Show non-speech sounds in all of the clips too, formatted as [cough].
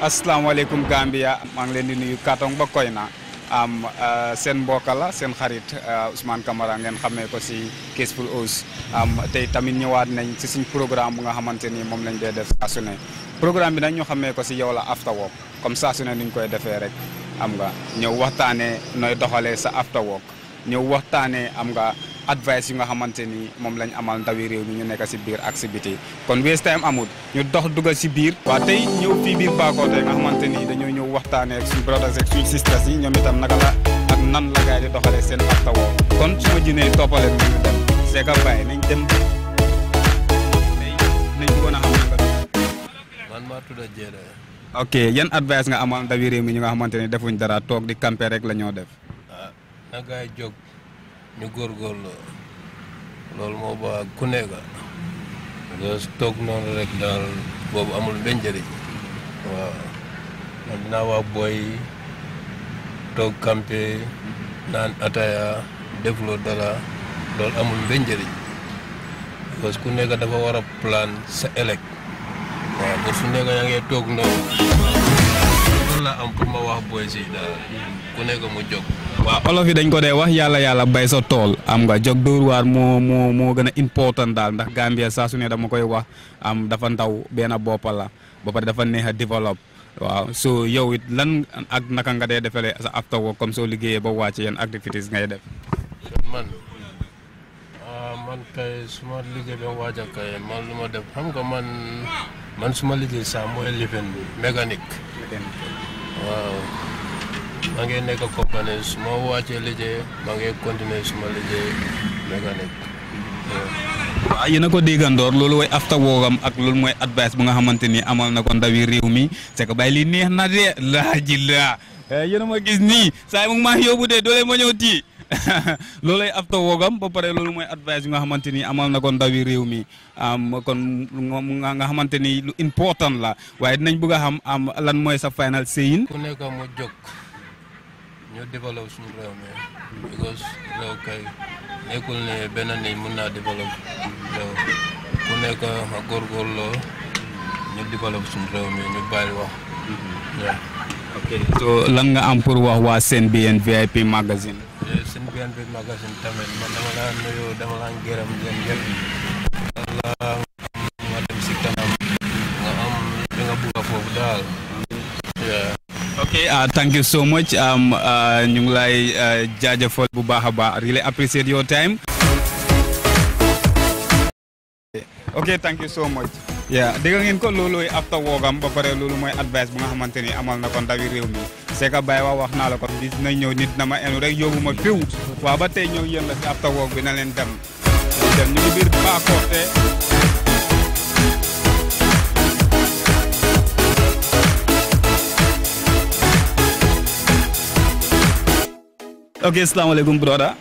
asalaamaaleykum Gambia maa ngi leen di nuyu Katong ba koy na am uh, seen mbokka la seen xarit uh, Ousmane Camara ngeen xamee ko si Case for am tey tamit ñëwaat nañ si suñ programme bu nga xamante ni moom lañ dee def saa su ne programme bi nag ñu xamee ko si yow la after work comme saa su ne nuñ koy defee rek am nga ñëw waxtaanee nooy doxalee sa after work ñëw waxtaanee am nga advice yi nga xamante ni moom lañ amal ndawi réew mi ñu nekk si biir activité kon waste time amul ñu dox dugal si biir waa tey ñëw fii biir Paako tey nga xamante ni dañoo ñëw waxtaanee ak brothers ak suñu sisters yi ñoom itam naka la ak nan la gaay di doxalee seen ak tawoo kon suma ma jinee toppale nañu dem seeka bàyyi nañ dem tey nañ woon xam man ma tudda Jeere ok yan advice nga amal ndawi réew mi ñu nga xamante ni defuñ dara toog di camper rek la ñoo def ah, na gaay jóg ñu góorgóorlu loolu moo ba ku nekk nga toog noonu rek daal boobu amul benn njëriñ waaw man dinaa wax booy toog campé naan ataya defloo dara loolu amul benn njëriñ parce ku nekk dafa war a plan sa élec waaw ba su nekk yaa ngi toog noonu loolu laa am pour wax booy si daal ku nekk mu jóg waaw olof yi dañ ko day wax yalla yalla bay sa tol. am nga jog door war mo mo mo gëna important dal ndax Gambia sa su ne dama koy wax am dafa ndaw ben bopal la ba pare dafa neex develop. waaw so yow it lan ak naka nga day defalee sa after work comme so liggéeyee ba wacc yan activities ngay def man ah, man kay suma liggéey ba waaja kay man lu def xam nga man man suma liggéey sa moy living mécanique maa ngi nekk compagnie su ma wàccee liggéey maa ngi continuer suma liggéey mécanique waaw yéen a ko déggandoor way afta woogam ak loolu mooy advice bu nga xamante ni amal na ko ndawi réew mi c'est que bàyyi lii neex na de laaji laa eh, yéen a ma gis nii saa mu maa yóbbu de doole ma ñëw tii [laughs] afta woogam ba pare loolu mooy advice yu nga xamante ni amal na ko ndawi réew mi kon nga xamante ni lu important la waaye dinañ bëgg a xam am lan mooy sa final séyin ku nekk mu jóg ñu développe suñu réew mi because réew kay nekkul ne benn nit mun naa développe réew ku nekk ma góorgóorloo ñu développe suñu réew mi ñu bàyyi wax mm-hmm. lan nga am pour wax waa Senbiance VIP magazine Senbiance VIP magazine tamit man dama laa nuyu dama laa gërëm leen yëpp la nga dem si nga am li nga bëgg foofu daal ok ah, thank you so much um, ah, ñu ngi lay ah, jaajëfal bu baax a baax really appreciate your time. ok thank you so much. yeah dégg ngeen ko loolooy after woogam ba pare loolu mooy advice bu nga xamante ni amal na ko ndawi réew mi c'est que Baye wax naa la ko di ñëw nit na ma enu rek yóbbu ma fiw ba tey ñëw yéen la si after woog bi na leen dem dem ñu ngi biir Paakorte. ok salaamaaleykum broda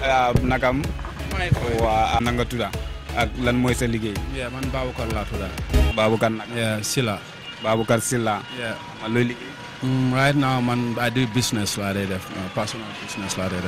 uh, nakam waa uh, nanga tudda ak lan mooy sa liggéey man Baboucar laa tudda Baboucar nag Silla Baboucar Silla looy liggéey Mm, right now, man, I do business laa def uh, personal business laa def.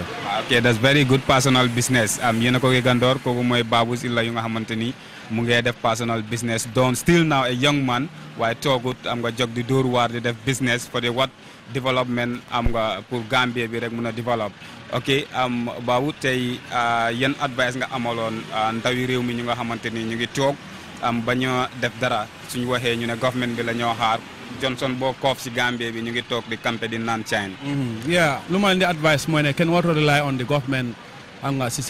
Okay, that's very good personal business am um, yéen a ko gëgandoor kooku mooy Babou Sylla yu nga def personal business Don, still now a young man why talk good? am nga jog di door waar def business for the what development am nga pour Gambia bi rek muna develop. Okay, am um, babu tey uh, yan advice nga amaloon uh, ndawi réew mi nga xamante am um, ba ñoo def dara suñu government bi la Johnson boo koof si Gambie bi ñu ngi toog di campé di naan mm-hmm. yeah lu ma di advice mooy ne kenn warut rely on the government am nga si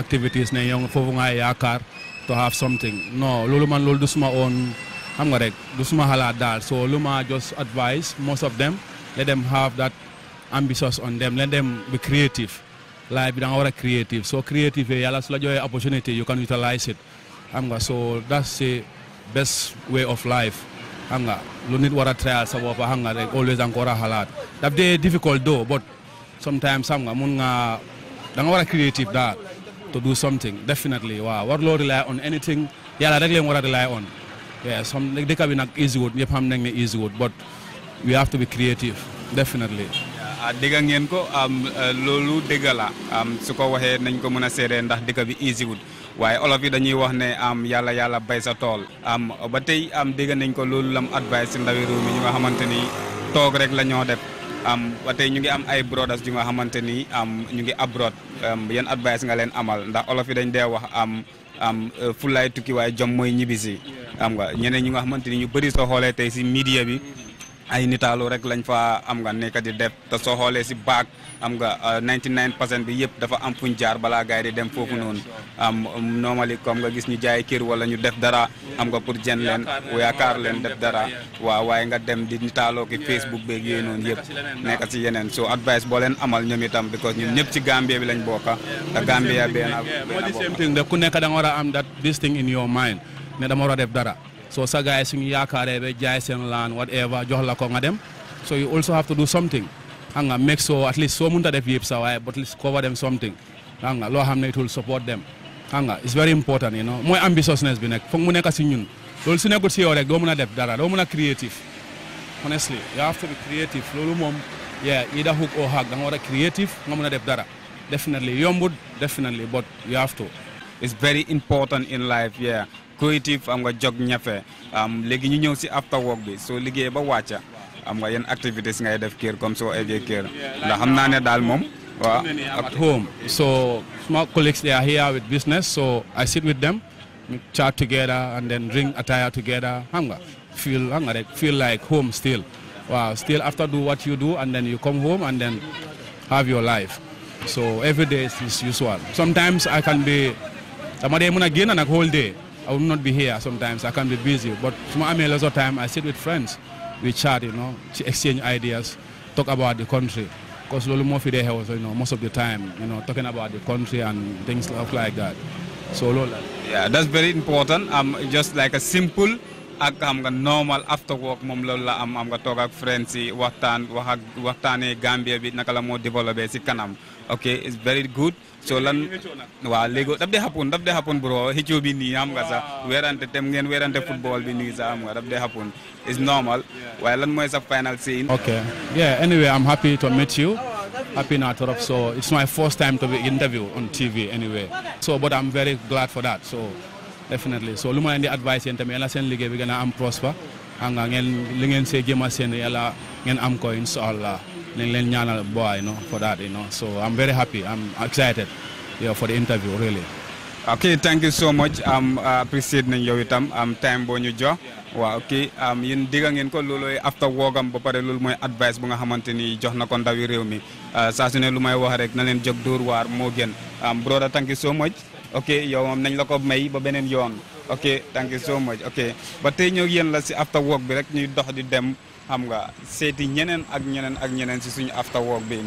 activities ne yow foofu nga yaakaar to have something no loolu man lulu du suma oon xam nga rek du suma dal. so lu ma just advice most of them let them have that ambitious on them let them be creative life bi da nga creative so creative yàlla su la opportunity you can utilize it xam nga so that's the best way of life. xam nga lu nit war a trial sa bopp xam nga rek always encore a xalaat daf dee difficult though but sometimes xam nga mun nga da nga war a creative daal to do something definitely waaw war loo rely on anything yàlla rek leen war a rely on yeah some dëkk bi nag easy wut ñëpp xam nañ ne easy wut but we have to be creative definitely a ah, dégg ngeen ko am ah, loolu dégg am su ko waxee nañ ko mën a seedee ndax dëkk bi easy wut waaye olof yi dañuy wax ne am yàlla yàlla bay sa tool am ba tey am dégg nañ ko loolu lam advice si ndawi réew mi ñu nga xamante ni toog rek la ñoo def am ba tey ñu ngi am ay brodas yu nga xamante ni am ñu ngi abroad yan advice nga leen amal ndax olof yi dañ dee wax am am euh, fulaay tukki waaye jom mooy ñibbisi am nga ñeneen ñi nga xamante ni ñu bëri soo xoolee tey si media bi ay nitaalu rek lañ fa am nga nekk di def te soo xoolee si baag am nga 99 euh, percent bi yëpp dafa am fuñ jaar balaa gars di dem foofu noonu am normali kom nga gis ñi jaay kër walla ñu def dara am nga pour jën leen yaakaar leen def dara waaw waaye nga dem di nitaaloo ki Facebook beeg yooyu noonu yëpp nekk si yeneen so advice boo leen amal ñoom itam because ñun ñëpp ci Gambia bi lañ bokka te Gambia benn benn bokk ku nekk da nga a am that this thing in your mind ne dama war a dara So guys suñu yaakaaree ba jaay whatever jox la ko so you also have to do something Hanga make so at least so munta def yëpp sa but at least cover them something Hanga nga Hamnet it will support them Hanga, it's very important you know mooy ambitiousness bi like. For mu nekk si ñun loolu su nekkul si yow rek doo mën def dara doo mën creative honestly you have to be creative loolu moom yeah either hook or hack da nga creative nga mën a def dara definitely yombut definitely but you have to. it's very important in life yeah creative am nga jog ñafe am léegi ñu ñëw si after work bi soo liggéeyee ba wàcca am nga yenn activités ngay def kër comme soo eggee kër ndax xam ne daal moom waaw at home so my colleagues they are here with business so I sit with them chat together and then drink attire together xam nga feel xam nga rek feel like home still waaw still after do what you do and then you come home and then have your life so every day is usual sometimes I can be dama dee mën a génn nag whole day I will not be here sometimes. I can be busy. But I mean, lots of time I sit with friends. We chat, you know, to exchange ideas, talk about the country. Because Lolo Murphy there was, you know, most of the time, you know, talking about the country and things like that. So Lola. Yeah, that's very important. I'm um, just like a simple I'm a normal after work moom i la am am nga toog ak friends yi waxtaan wax ak Gambia bit nakala la moo kanam ok it's very good colan waaw léegi daf dee happen daf dee happen bro xëccoo bi nii xam nga sax weerante tem ngeen weerante football bi nii sax am nga daf dee happen is normal waaye lan mooy sa final scene okay yeah anyway I'm happy to meet you happy Natorop so it's my first time to be interview on TV anyway so but I'm very glad for that so definitely so lu ma leen di advice yéen tamit yàlla seen liggéey bi gën a am prosper xam nga ngeen li ngeen see jéem a seen yàlla ngeen am ko incha allah nañ leen ñaanal boy you know for that you know so I'm very happy I'm excited yeah for the interview really okay thank so much am appreciate nañ yow itam am time boo ñu jox waa kii am yéen dégg ngeen ko loolooy after woogam ba pare loolu mooy advice bu nga xamante ni jox na ko ndawi réew mi ah, saa lu may wax rek na leen jóg dóor waar moo gën am brother thank so much ok yow moom nañ la ko may ba beneen yoon ok thank so much ok ba tey ñoo yéen la si after work bi rek ñu dox di xam nga seeti ñeneen ak ñeneen ak ñeneen si suñu after work bi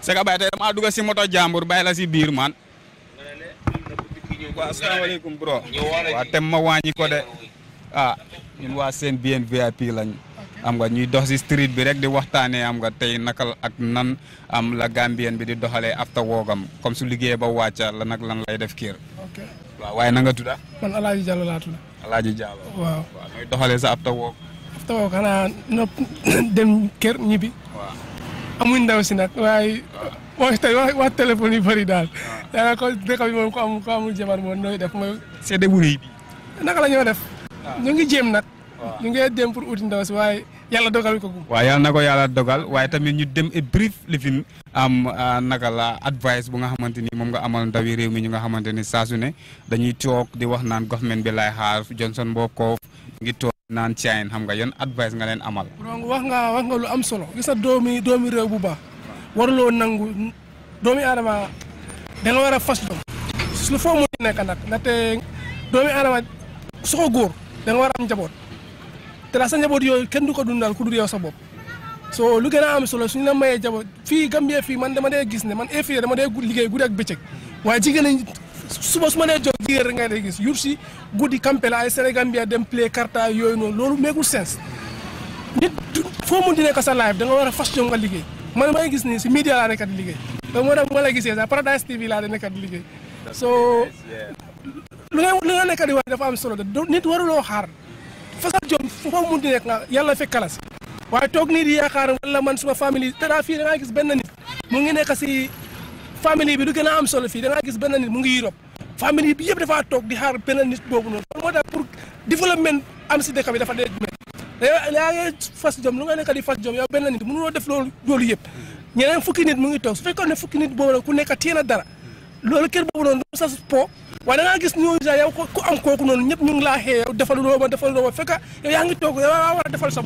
sega bay tey dama dugg si moto jàmbur bay la si biir man waaw asalaamaaleykum bro waaw tem ma wàññi ko de ah ñun waa seen bien VIP lañ am nga ñuy dox ci street bi rek di waxtane am nga tay nakal ak nan am la Gambien bi di doxale after wogam comme su liggéeyee ba wacha la nak lan lay def kër. ok waaw na nga tudda. man Alaaji Jallo la tudda. Alaaji Jallo. waaw waaw ñuy sa afta wog afta wog ana no [coughs] dem kër ñibi waaw amuñ ndaw si nak waaye. mooy tay wa wax yi bari dal da daanaka ko dëkk bi mom ko am ko amul jabar mo noy def mooy. seede bu rëy bi. nak la ñoo def. ñu ngi jëm nak ñu ngi dem pour outil ndaw si waaye yalla dogal ko waaw yàlla na ko yàlla dogal waye tamit ñu dem brief li fi am ah, naka la advice bu nga xamanteni mom nga amal ndawi rew mi nga xamanteni sa su ne dañuy tok di wax naan government bi lay xaar Johnson Mbokov ngi tok naan chain xam nga yon advice nga len amal. donc wax nga wax nga lu am solo gis sa domi domi rew bu ba warlo nangu domi adama dañoo war a fas do su fo mu nekk nak ndaxte doomi aadama su ko gor da nga am jabot te la sa njaboot yooyu kenn du ko dundal ku dul yow sa bopp soo lu gën a am solo suñu la mayee jaboot fii Gambie fii man dama dee gis ne man infirmier dama dee liggéey guddi ak bëccëg waaye jigéen ñi suba su ma nee jóg jigéen rek nga gis yur si guddi campé la ay Sénégambia dem play karta yooyu noonu loolu meekul sens nit foo mun di nekk sa live da war a fas jom nga liggéey man may gis nii si media laa nekk di liggéey donc moo tax ma la gisee sax Paradise TV laa nekk di liggéey soo lu nga lu nga nekk di dafa am solo de nit waruloo xaar fasal jom fu ma mun di nekk nga yàlla fekk kalas waaye toog nii di yaakaar wala man suma famille te daa fii da gis benn nit mu ngi nekk si famille bi du gën a am solo fii da gis benn nit mu ngi Europe famille bi yëpp dafaa toog di xaar benn nit boobu noonu moo tax pour développement am si dëkk bi dafa dee dund yaa ngi fas jom lu nga nekk di fas jom yow benn nit mënuloo def loolu loolu yëpp ñeneen fukki nit mu ngi toog su fekkoon ne fukki nit boobu ku nekk téye na dara loolu kër boobu noonu du sas waaye da ngaa gis ñooñu sax yow ku am kooku noonu ñëpp ñu ngi laa xee yow defaluloo ma defaluloo ma fekk yow yaa ngi toog yaa war a defal sa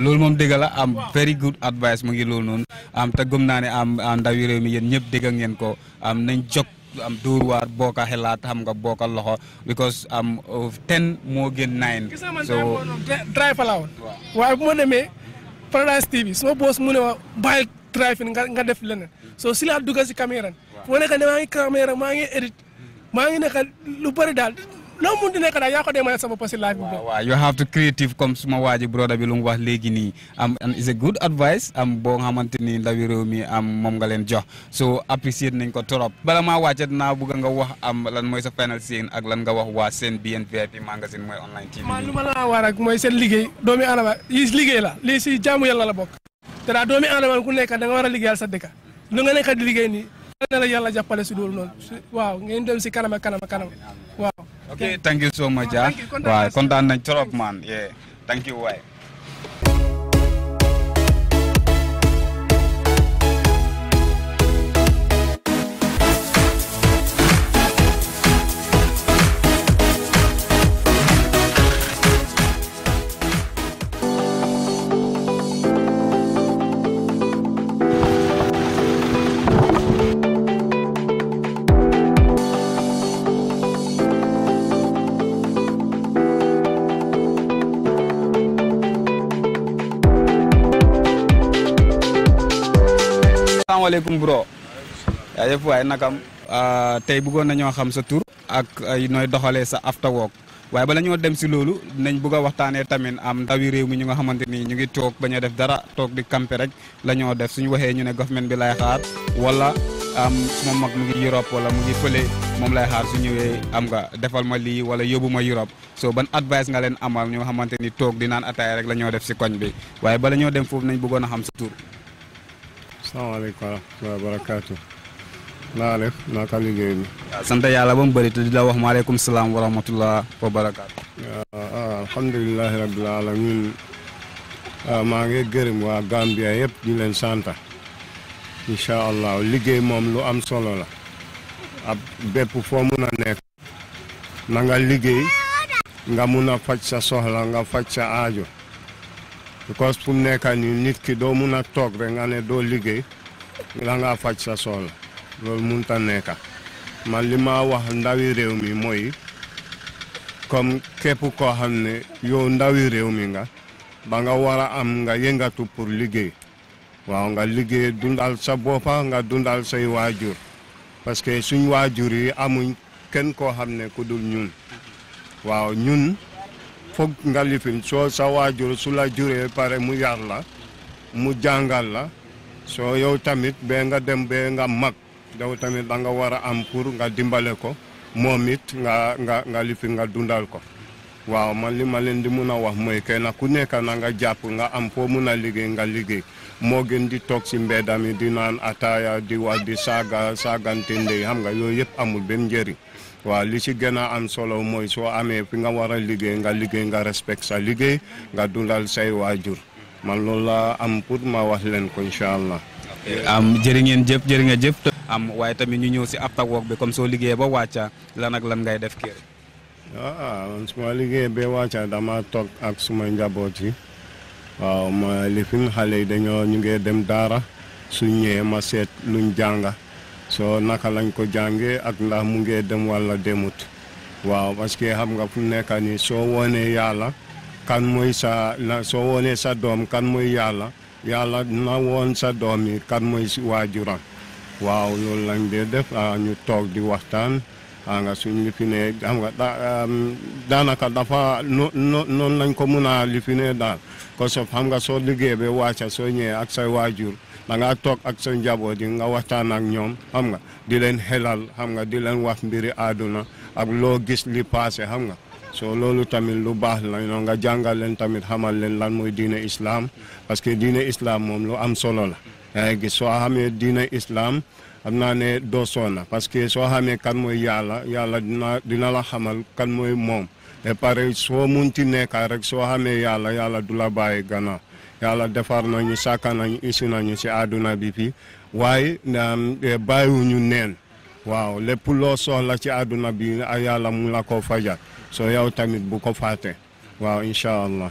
loolu moom dëgg la am very good advice mu ngi loolu noonu am te gëm naa ne am ndawi réew mi yéen ñëpp dégg ngeen ko am nañ jog am dóor waar booka xelaat xam nga booka loxo because am uh, ten moo gën nine. gis nga so drive laa woon. waaye bu ma demee Paradise TV suma boos mu ne ma bàyyi drive nga nga def leneen soo si laa dugg si caméra. waaw fu ma ngi caméra maa ngi nekk lu bëri daal loo mun di nekk daal yaa ko dee mayal sa bopp si life bi. waaw waaw you have to creative comme suma waa ji bi lu wax léegi nii am and is a good advice am boo xamante ni ndawi réew mi am moom nga leen jox so apprécier nañ ko trop. bala maa wàcce naa bëgg nga wax am lan mooy sa final scene ak lan nga wax waa seen BNVIP magazine mooy online TV. maa lu ma la war ak mooy seen liggéey doomi aadama yi liggéey la lii si jaamu yàlla la bokk. te daal doomi aadama ku nekk da nga a liggéeyal sa yàlla jàppale si loolu noonu waaw ngeen dem si kanam ak kanam ak kanam waaw. ok thank you so much ah, ah waaw kontaan nañ trop man. thank you waay. assalamualaikum bro. ya def way nakam ah, bu gon nañu xam sa tour ak ah, noy doxale sa after work waye bala ñoo dem ci lolu nañ bëgg a waxtaanee tamit am ndawi rew mi ñu nga xamanteni ñu ngi tok baña def dara tok di camper rek lañu def suñu waxe ñu ne government bi lay xaar wala am suma mag mu ngi Europe wala mu ngi fele mom lay xaar su ñewé am nga defal ma li wala yobuma ma Europe so ban advice nga leen amal ñu nga xamante tok di naan ataaya rek lañu def ci koñ bi waye bala dem fofu nañ bëggoon a xam sa tour salaamaaleykum ya, ya, ya, ah, ah, wa rahmatulah barakaatu. naa def naka liggéey bi. sant yàlla ba mu bëri te di la wax maaleykum salaam wa rahmatulah wa alhamdulilah alamin maa ngi gërëm waa Gambia yëpp ñu leen santa incha allah liggéey moom lu am solo la. ab bépp foo mun a nekk. na nga liggéey. nga mun a faj sa soxla nga faj sa aajo. because fu mu nekka nii nit ki doo mun a toog rek nga ne doo liggéey la nga faj sa sol loolu mënut a nekk man li ma wax ndawi réew mi mooy comme képp koo xam ne yow ndawi réew mi nga ba nga war a am nga yëngatu pour liggéey waaw nga liggéey dundal sa boppa nga dundal say waajur parce que suñ waajur yi amuñ kenn koo xam ne ku dul ñun waaw ñun foog nga lifin soo sa waajur su la pare mu yar la mu jàngal la soo yow tamit bee nga dem be nga mag yow tamit da nga war a am pour nga dimbale ko moom it nga nga nga lifin nga dundal ko waaw man li ma leen di mun a wax mooy na ku nekk na nga jàpp nga am foo mun a nga liggéey moo gën di toog si mbedda di naan ataaya di wax di saaga saagante ndey xam nga yooyu yëpp amul benn njëriñ wa li ci gëna am solo moy so amé fi nga wara liggé nga liggé nga respect sa liggé nga dundal say wajur man lool la am pour ma wax len ko inshallah am jërë ngeen jëf am way tamit ñu ñëw si after work bi comme so liggé ba wàcca lan ak lan ngay def kër. ah man suma ma be ba dama tok ak suma njaboot wa ma lifin xale xalé dañoo ñu ngi dem darah su maset ma sét luñu jangaa soo naka lañ ko jàngee ak ndax mu ngee dem walla demut waaw parce que xam nga fu nekk a ni soo woonee yàlla kan mooy sa soo woonee sa doom kan mooy yàlla yàlla na woon sa doom yi kan mooy waajuram waaw loolu lañ dee def ah, ñu toog di waxtaan aa nga suñ li fi ne xam nga daanaka dafa no noonu lañ ko mun a li fi ne daal ko sof xam nga soo liggéey ba wàcca soo ñëwee ak say waajur da ngaa toog ak sa njaboot yi nga waxtaan ak ñoom xam nga di leen xelal xam nga di leen wax mbiri àdduna ak loo gis li passé xam nga soo loolu tamit lu baax lañ noo nga jàngal leen tamit xamal leen lan mooy diine islaam parce que diine islaam moom lu am solo la yaa ngi gis diine islam xam naa ne doo soona parce que soo xamee kan mooy yàlla yàlla dina dina la xamal kan mooy moom et pare soo munti nekka rek soo xamee yàlla yàlla du la bàyyi gannaaw yàlla defar nañu sàkka nañu isi nañu si àdduna bi fii waaye e, bàyyiwuñu neen waaw lépp loo soxla ci àdduna bi a yàlla mu la ko fajal soo yow tamit bu ko fàtte waaw incha allah.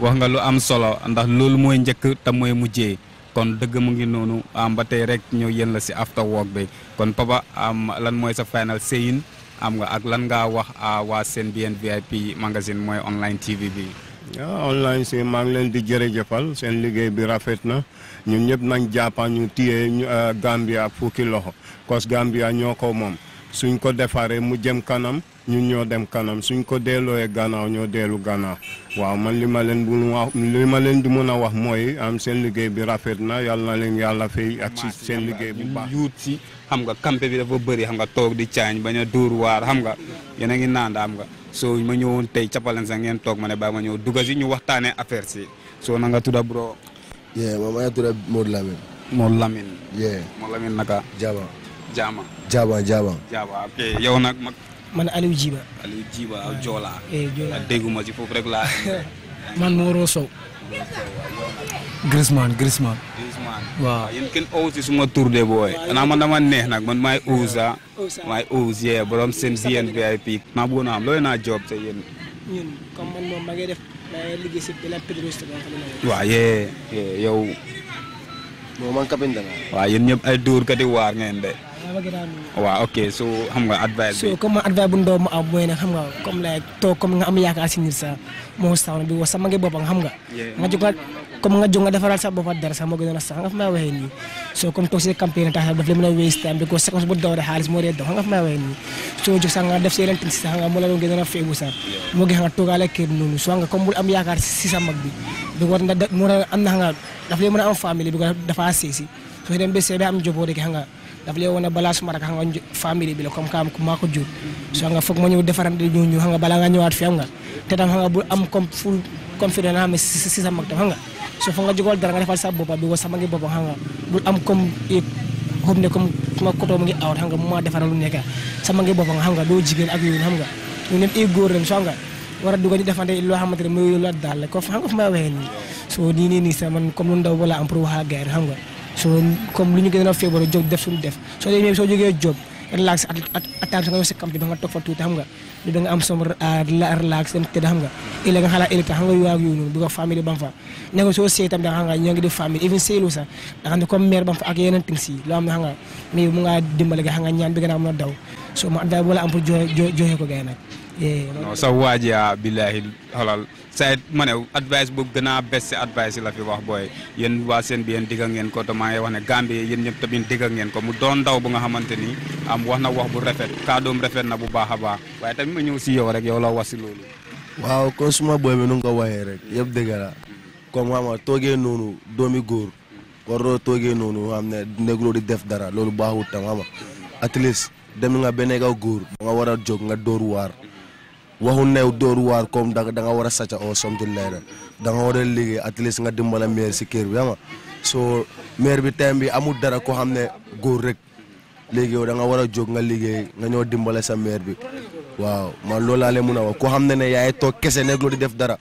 wax nga lu am solo ndax loolu mooy njëkk tam mooy mujjee. kon dëgg mu ngi noonu am ba tey rek ñëw yen la si after work bi kon papa am lan mooy sa final séyin am nga ak lan ngaa wax waa Senbiance VIP magasin mooy online TV bi. waaw ah, online si maa ngi leen di jërëjëfal seen liggéey bi rafet na ñu ñëpp nañ jàppa ñu téye ah, Gambia fukki loxo cos Gambia ñoo ko moom suñ ko defaree mu jëm kanam. ñun ñoo dem kanam suñ ko dellooyee gannaaw ñoo dellu gannaaw waaw man li ma leen bu wax li ma leen di mën a wax mooy am seen liggéey bi rafet na yàlla na leen yàlla fay ak si seen liggéey bi baax yuut si xam nga campé bi dafa bëri xam nga toog di caañ bañ a dóor waar xam nga yéen a ngi naan xam nga soo ma ñëwoon tey capalan sax ngeen toog ma ne baa ma ñëw dugga si ñu waxtaane affaire si soo nanga nga tudda bro yee moom ay tudda Modou Lamine Modou Lamine yee Modou Lamine naka jaaba jaama man Aliou Djiba. Aliou Djiba waaw Joola. Eh, Joola dégguma ci foofu rek laa. [laughs] man Moro Sow. Griezmann Griezmann. Griezmann waaw yéen kenn owu si suma tur de booy. xanaa man dama neex nag man maay Ouza. maay yee eh, borom seen si yéen VIP. maa bëggoon a am looy naa job te yéen. ñun comme man ay dóor kati waar ngeen de. waaw ok so xam nga advice so comme advice bu ndaw am mooy ne xam nga comme like to comme nga am yaakaar si nit sa moo saw bi wax sama ngi boppam xam nga nga jóg comme nga jóg nga sa bopp dara sax sax nga so comme toog si campagne tax daf lay mën waste time bi ko seconde bu daw de xaalis moo dee daw nga fa may waxee nii soo jóg sax nga def si yeneen tin si sax nga mu la doon gënoon a feebu sax moo nga toogaale kër noonu so nga comme bul am yaakaar si sa mag bi bi ko ndax am na nga daf lay mën am famille bi dafa seesi so dem ba seebe am joboo nga daf lay wona balance ma rek nga family bi la comme kam ma mako jur so nga fokk ma ñu defaram di ñu nga bala nga ñewat fi am nga te tam nga bu am comme full confidence am ci ci sama tam nga so fa nga jogol dara nga defal sa bopa bi wo sama ngi bopa nga bu am comme comme ne comme ma to mu ngi awat nga ma defaral lu nekk sama ngi bopa nga do jigen ak yoon nga ñu ne e goor ren so nga wara dugal ñu defante lo xamantene moy lo dal ko fa nga fa ma wéni so ni ni ni sama comme ndaw wala am pour wa nga soo comme lu ñu gën a feebar jóg def suñu def soo demee soo jógee jóg relax attaque nga yow sa campé ba nga toog fa tuuti xam nga li da nga am som ah, relax dem tëdd xam nga illa nga xalaat ëllëg xam nga yu ak yooyu noonu bu ko famille ba mu fa nekk soo seey tam da xam nga ñoo ngi def famille even seeylu sax da xam ne comme mère ba mu fa ak yeneen ting si loo xam ne xam nga mais mu nga dimbale nga xam nga ñaan bi gën a am na daw so ma adda wala am pour joxe joxe ko gars yi nag Eh, non sa waaj yaa billaahi xolal say ma ne advice bu gën a best advice la fi wax booy yéen waa seen bi yéen digga ngeen ko maa ngi wax ne Gambie yéen ñëpp tamit digga ngeen ko mu doon ndaw bu nga xamante ni am wax na wax bu rafet kàddoom rafet na bu baax a baax waaye tamit ma ñëw si yow rek yow la wax si loolu. waaw ko suma booy bi nu ko waxee rek yëpp dëgg la comme xam nga noonu doomi góor waroo toogee noonu xam ne nekkul di def dara loolu baaxut tam xam nga at least dem nga ba nekk góor nga war jóg nga dóor waxu new dóor waar comme da nga war a sàcc oo something like that da nga war a liggéey at least nga dimbala maire si kër bi xam so maire bi time bi amul dara ko xam ne góor rek léegi yow da nga war a jóg nga liggéey nga ñëw dimbale sa maire bi waaw man loolu laa leen mun a wax ko xam ne ne yaay toog kese nekk loo di def dara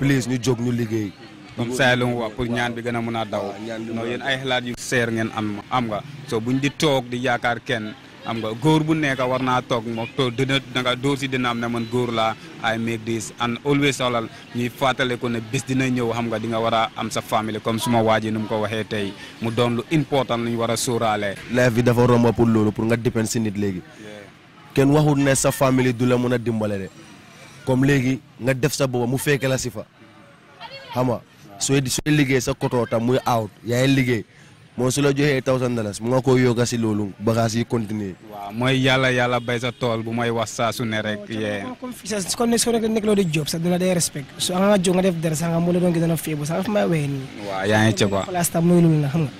please ñu jóg ñu liggéey. comme saa lu mu pour ñaan bi gën a mun a daw. ñaan bi yéen ay xalaat yu seer ngeen am am so buñ di toog di yaakaar kenn. am nga góor bu nekk war naa toog moom to dina danga dóor si dina am ne man góor laa ay make this and always solal ñuy fàttale ko ne bis dina ñëw xam nga di nga war a am sa famille comme su ma ji nu ko waxee tey mu doon lu important lu ñu war a sóoraale. life bi dafa romb pour loolu pour nga dépend si nit léegi. kenn waxul ne sa famille du la mën a dimbale de comme léegi nga def sa booba mu fekke la si fa xam nga sooy sooy liggéey sa koto tam muy out yaay liggéey. moo su la joxee thousand dollars mu nga ko yokka si loolu bagages yi continuer. waaw mooy yàlla yàlla bay sa tool bu mooy wax saa su ne rek. Oh, yee kon ne soo rek nekk loo di job sax du la day respect su nga jóg nga def dara sax nga mbooloo doon feebu sax ma fa may wéy nii. waaw yaa ngi ci quoi place tam muy loolu la xam nga.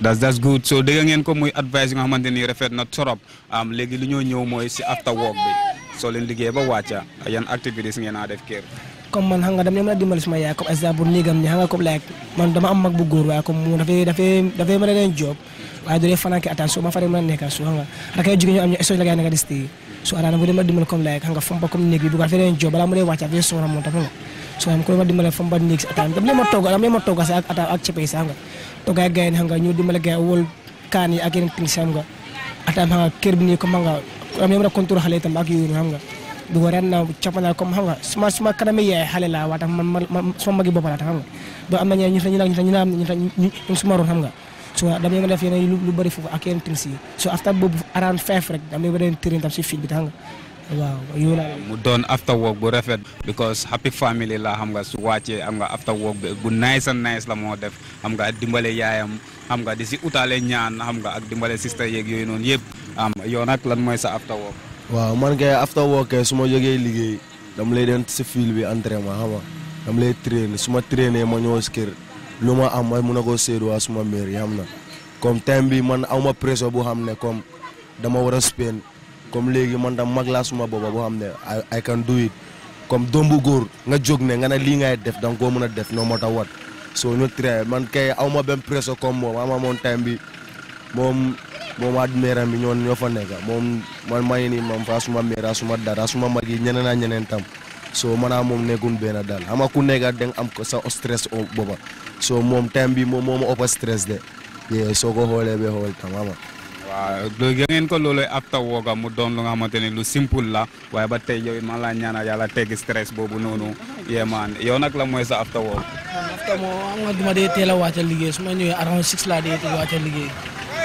das das good so dégg ngeen ko muy advice yi nga xamante ni rafet na torop am léegi li ñoo ñëw mooy si after work bi soo leen liggéey ba wàcca yan activités ngeen a def kër. comme man xam nga dama mën a dimbali suma yaay comme exemple néegam ni xam nga comme like man dama am mag bu góor waaye comme moom dafay dafay dafay mën a leen job waaye du dee fanaan ki attaque su ma faree mën a nekka su xam nga rakay jigéen ñu am ñu échange la gars nekka di stay su araana bu dee ma dimbali comme like xam nga fomba comme néeg bi bu ko dafay leen job balaa mu dee wàcc affaire soxna moom tam nga su xam ko ma dimbali fomba néeg si attaque dama leen ma togg dama leen ma togg ak attaque ak cepe yi xam nga togg ak gars yi xam nga ñu dimbali gars yi wol kaan yi ak yeneen ting xam nga attaque xam nga kër bi nii comme xam nga dama leen mën a contrôle xale itam ak yooyu xam nga du ko na chapana ko xam nga suma suma kanam yaay xale laa waa tax man suma magi bopala laa tax nga do am na ñu ñu la ñu ñu ñu suma roon xam nga so da leen def yene lu bari fu ak yene tinsi so after bobu aran fef rek da leen leen tirin tam ci fil bi tax nga waaw yu la mu don after work bu rafet because happy family la xam nga su wacce am nga after work bu nice and nice la mo def xam nga dimbalé yaayam xam nga di ci outalé ñaan xam nga ak dimbalé sister yeek yoy non yeb am yo nak lan moy sa after work waaw man kay after work su ma jógee liggéey dama lay dem si fil bi entraînement xam nga dama lay traîner su ma traîner ma ñëw si kër lu ma am ma mun a koo séedu waa suma mère yam na comme time bi man aw ma pression bu xam ne comme dama war a spend comme léegi man da mag laa suma booba boo xam ne I can do it comme doom bu góor nga jóg ne nga ne lii ngay def danga koo mën a def no matter what soo ñu traîner man kay aw ma benn pression comme moom ama moom time bi moom ad adduneeram bi ñoon ñofa nek mom man may ni mom fa suma mera suma dara suma magi ñene na ñeneen tam so mana mom negun bena dal, ama ku nega deng am ko sa stress o boba so mom tam bi mom mom ëpp stress de ye so go hole be hole tam ama waaw loolu ngeen ko lolé ab taw wooga mu don lu nga xamanteni lu simple la way ba tay yow man la ñaanal yalla tegg stress bobu nonu ye man yow nak la moy sa ab taw wooga ab taw am nga duma dee teel a wàccal liggéey su ma ñëwee around six laa dee wàccal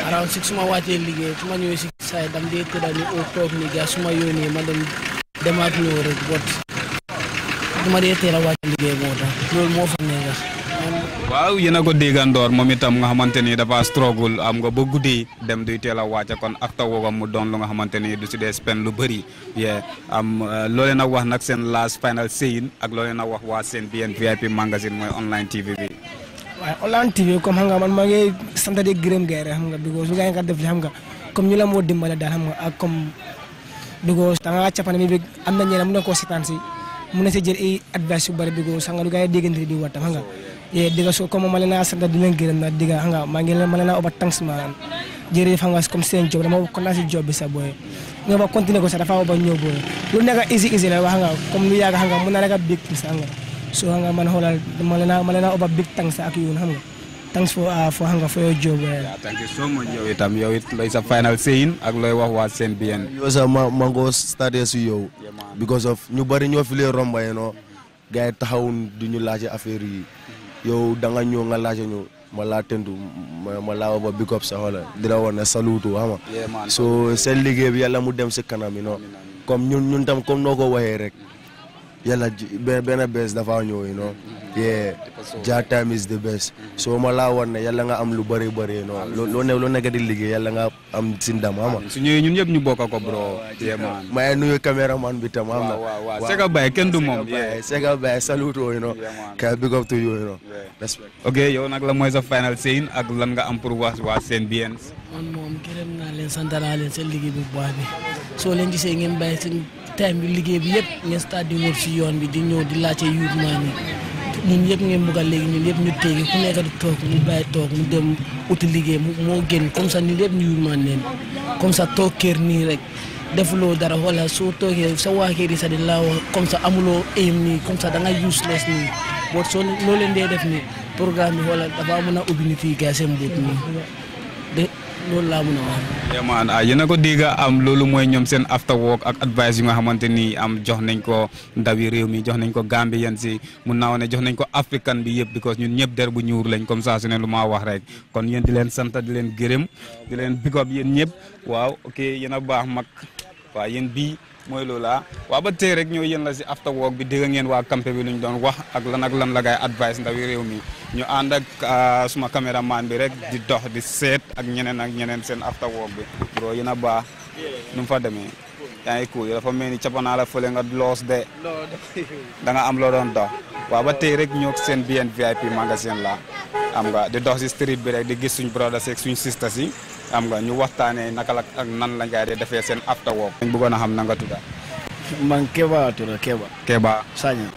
around six ma wàccee liggéey su ma ñëwee si saay dam dee tëdda ni au toog ni gaa su ma yónnee ma dem demaat ñëw rek bot dama dee teel a wàcc liggéey mo tax loolu moo fa nekk waaw yéen ko déggandoor moom itam nga xamante dafa struggle am nga ba guddi dem duy teel a kon ak tawoogam mu don lu nga xamante ni du si dee spend lu bëri ye am uh, loo leen a wax nak sen last final scene, ak loo leen a wax wa sen BNVIP magazine mooy online TV bi online TV comme xam nga man maa sante di gërëm gars yi xam nga because lu gars nga def li xam nga comme ñu la moo dimbale daal xam nga ak comme because da nga mi am na ñeneen mu ne si mu ne si jël ay advice yu bari because xam nga lu gars di wattam xam nga ye diga so comme ma lena sante di leen gërëm na diga xam nga ma ngi leen ma lena oba tanks maanaam jërëjëf xam nga comme seen job dama ko naa si job bi sa booy nga ba continuer ko sa dafa oba ñëw booy lu izi easy easy la wax nga comme lu yàgg xam nga mun na big things xam nga so xam nga man xoolal ma ma oba big tanks ak yoon xam nga thanks for uh, for hanga for your job. Eh. Yeah, sa final saying ak looy wax waa seen yow sax ma ma ngoo started si yow. because of ñu bari ñoo fi lee romba yéen noo gars yi du ñu laajte affaire yi yow danga nga ñëw nga laajte ñu. mala tendu mala wa big up sa wala dira wona salutu so seen liggéey bi yàlla mu dem si kanam yi no comme ñun ñun tam comme noo ko waxee rek yàlla benn bees dafa ñëw you know yeah time is the best so ma laa war ne yàlla nga am lu bëri bëri you know loo ne di liggéey yàlla nga am si ndam ama su ñëwee ñun ñëpp ñu bokk ko bro yemaan may nuyu caméraman bi tam am na waaw Sega kenn du moom Sega Baye salute you know ka big up to you you ok yow nag la mooy sa final scene ak lan nga am pour wax waa Senbiance man moom gërëm naa leen sant naa leen seen liggéey bi bu baax bi soo leen gisee ngeen bàyyi seen time bi liggéey bi yëpp ngeen stade di wër si yoon bi di ñoo di laajte yuut maa ni ñun yëpp ngeen bëgg a léegi ñun yëpp ñu téegi ku nekk di toog mu bàyyi toog mu dem uti liggéey mu moo génn comme ça ñun yëpp ñu leen comme ça toog kër nii rek defuloo dara wala soo toogee sa waa kër sa di laaw comme ça amuloo aim nii comme ça da nga useless nii boo soo loo dee def nii programme bi wala dafa mën a ubbi nit fii gars seen mbuut nii de loolu laa mun a wax. vraiment ah yéen a ah, am loolu mooy ñoom seen after work ak advice yu nga xamante ni am jox nañ ko ndawi réew mi jox nañ ko Gambien si mun naa ne jox nañ ko africain bi yëpp because ñun ñëpp der bu ñuur lañ comme ça su ne lu maa wax rek kon yéen di leen sant di leen gërëm di leen big up yéen ñëpp waaw ok yéen a baax mag waa yéen bii. moy lola wa ba tey rek ñoy yeen la ci after work bi dégg ngeen wa campé bi luñ doon wax ak lan ak lan la gay advice ndaw rew mi ñu and ak ah, suma kamera bi rek di dox di set ak ñeneen ak ñeneen seen after work bi bro yina ba ñu nu mu fa demee yaa foleng kuy dafa mel ni la fële nga de da nga am lo doon dox wa ba tey rek ñok seen VIP magasin la am nga di dox ci street bi rek di gis suñ brother ak suñ sister am nga ñu waxtaanee naka la ak nan la ngay defee seen after work. dañ bëggoon na xam na nga tudda. man Keba tudda Keba. Keba. Saña.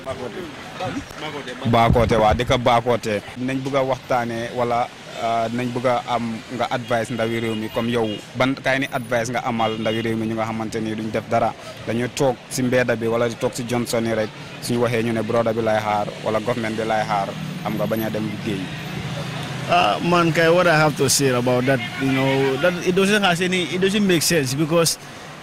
Bakote waa dëkk Bakote. nañ bëgg a waxtaanee wala euh, nañ bëgg am nga advice ndawi réew mi comme yow ban kay ni advice nga amal ndawi réew mi ñu nga xamante ni duñ def dara dañu toog si mbeeda bi wala di toog si Johnson yi rek suñu waxee ñu ne broda bi lay xaar wala government bi lay xaar am nga bañ dem liggéey. Uh, man, what I have to say about that, you know, that it doesn't has any, it doesn't make sense because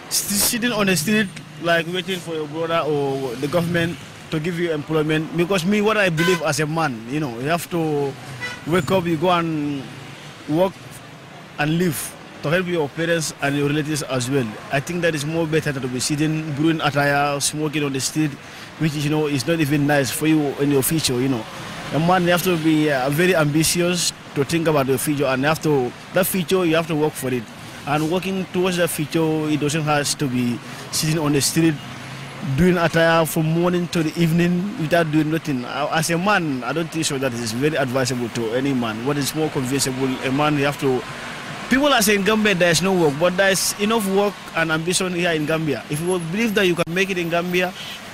sitting on the street like waiting for your brother or the government to give you employment. Because me, what I believe as a man, you know, you have to wake up, you go and work and live to help your parents and your relatives as well. I think that is more better to be sitting, brewing attire, smoking on the street, which is, you know, is not even nice for you in your future, you know. A man, you have to be uh, very ambitious to think about the future and have to that future you have to work for it and working towards that future it doesn't have to be sitting on the street doing attire from morning to the evening without doing nothing. Uh, as a man, I don't think so that is very advisable to any man. What is more convincible, a man you have to. People are saying Gambia there is no work, but there is enough work and ambition here in Gambia. If you believe that you can make it in Gambia,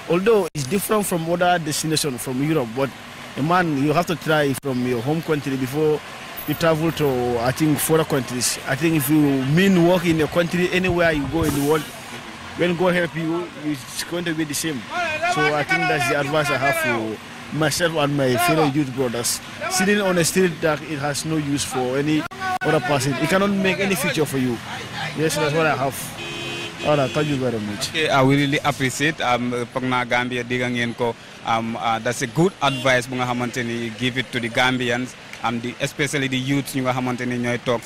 although it's different from other destinations from Europe, but a man you have to try from your home country before you travel to I think foreign countries. I think if you mean work in your country anywhere you go in the world, when God help you, it's going to be the same. So I think that's the advice I have for myself and my fellow youth brothers. Sitting on a street that it has no use for any other person. It cannot make any future for you. Yes, that's what I have. All right, thank you very much. Okay, I really appreciate um, Pagna Gambia Digangen ko. Um, uh, that's a good advice mga xamante eh, give it to the Gambians um, the, especially the youths ñu nga xamante ni ñooy toog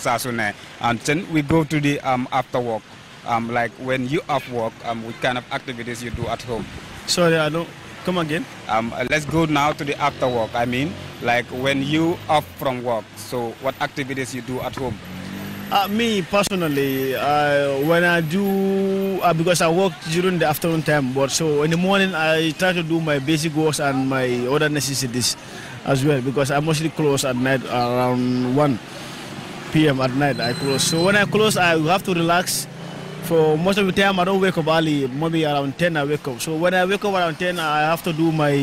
and then we go to the um, after work um, like when you off work um, what kind of activities you do at home sorry I don't come again um, uh, let's go now to the after work I mean like when you off from work so what activities you do at home uh, me personally, uh, when I do, uh, because I work during the afternoon time, but so in the morning I try to do my basic works and my other necessities as well, because I mostly close at night around 1 p.m. at night. I close. So when I close, I have to relax. For most of the time, I don't wake up early. Maybe around 10 I wake up. So when I wake up around 10, I have to do my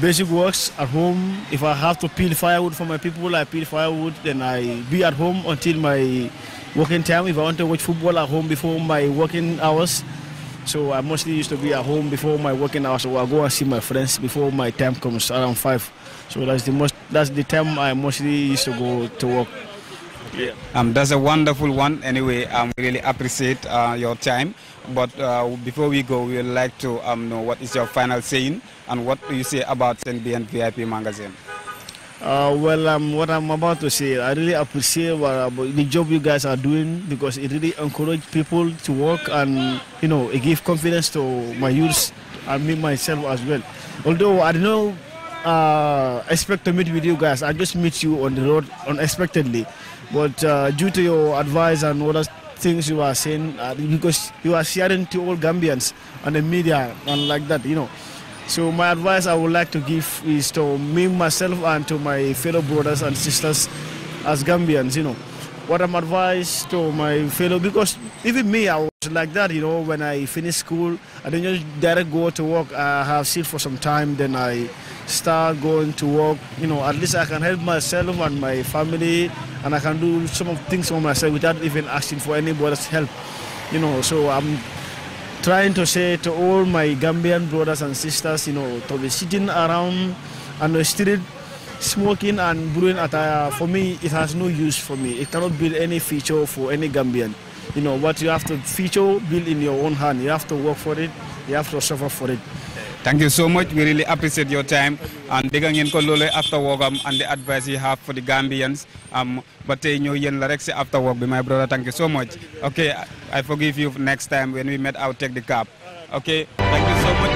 basic works at home. If I have to peel firewood for my people, I peel firewood. Then I be at home until my working time. If I want to watch football at home before my working hours, so I mostly used to be at home before my working hours. So I go and see my friends before my time comes around five. So that's the most. That's the time I mostly used to go to work. Yeah. Um, that's a wonderful one. Anyway, I um, really appreciate uh, your time. But uh, before we go, we would like to um, know what is your final saying and what do you say about NBN VIP magazine? Uh, well, um, what I'm about to say, I really appreciate what, uh, the job you guys are doing because it really encourages people to work and, you know, it gives confidence to my youth and me myself as well. Although I don't know, uh, expect to meet with you guys, I just meet you on the road unexpectedly. But uh, due to your advice and other things you are saying, uh, because you are sharing to all Gambians and the media and like that, you know. So my advice I would like to give is to me, myself, and to my fellow brothers and sisters as Gambians, you know what I'm advice to my fellow because even me, I was like that, you know, when I finished school, I didn't just direct go to work. I have sit for some time, then I start going to work. You know, at least I can help myself and my family, and I can do some of things for myself without even asking for anybody's help. You know, so I'm trying to say to all my Gambian brothers and sisters, you know, to be sitting around on the street smoking and brewing attire, uh, for me, it has no use for me. It cannot build any feature for any Gambian. You know, what you have to feature, build in your own hand. You have to work for it. You have to suffer for it. Thank you so much. We really appreciate your time. And dégg ngeen ko after work um, and the advice you have for the Gambians. Um, but tey uh, ñoo yéen la after work my brother. Thank you so much. Okay, I forgive you next time when we met. I'll take the cap. Okay, thank you so much.